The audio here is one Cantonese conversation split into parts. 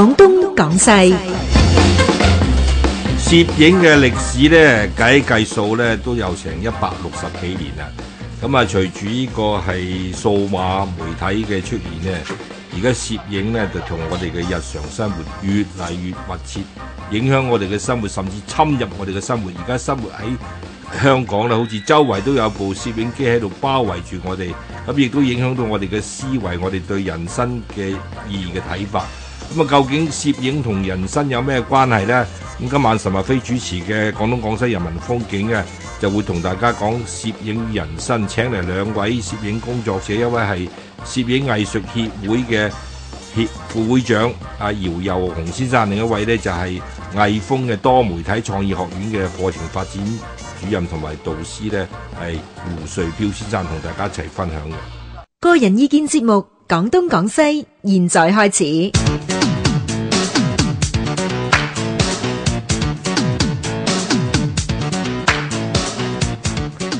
廣東廣西攝影嘅歷史咧，計計數咧都有成一百六十幾年啦。咁、嗯、啊，隨住呢個係數碼媒體嘅出現咧，而家攝影咧就同我哋嘅日常生活越嚟越密切，影響我哋嘅生活，甚至侵入我哋嘅生活。而家生活喺香港咧，好似周圍都有部攝影機喺度包圍住我哋，咁亦都影響到我哋嘅思維，我哋對人生嘅意義嘅睇法。咁啊！究竟攝影同人生有咩關係呢？咁今晚岑逸飛主持嘅《廣東廣西人民風景》嘅就會同大家講攝影人生。請嚟兩位攝影工作者，一位係攝影藝術協會嘅協副，副會長阿姚佑雄先生，另一位呢，就係藝風嘅多媒體創意學院嘅課程發展主任同埋導師呢，係胡穗彪先生同大家一齊分享嘅個人意見。節目《廣東廣西》現在開始。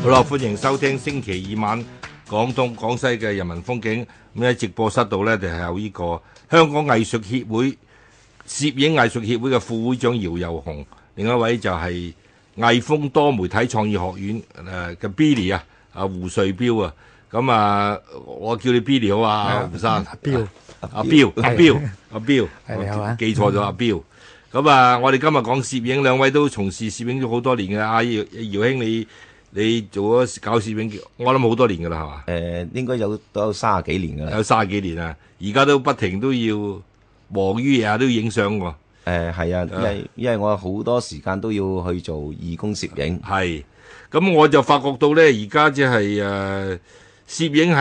好啦，歡迎收聽星期二晚廣東廣西嘅《人民風景》咁喺直播室度咧，就係有呢個香港藝術協會攝影藝術協會嘅副會長姚佑雄，另一位就係藝豐多媒體創意學院誒嘅 Billy 啊，阿胡穗彪啊，咁啊，我叫你 Billy 好啊,啊，胡生。彪阿彪，阿彪，阿、啊、彪，係嘛？啊啊哎哎啊哎、記錯咗阿彪，咁啊，嗯、我哋今日講攝影，兩位都從事攝影咗好多年嘅，阿姚姚兄你。你做咗搞攝影，我諗好多年噶啦，係、呃、嘛？誒，應該有都有三十幾年噶啦。有三十幾年啊！而家都不停都要忙於嘢都要影相喎。誒、呃、係啊，因為因為我好多時間都要去做義工攝影。係、呃、咁我就發覺到咧，而家即係誒攝影係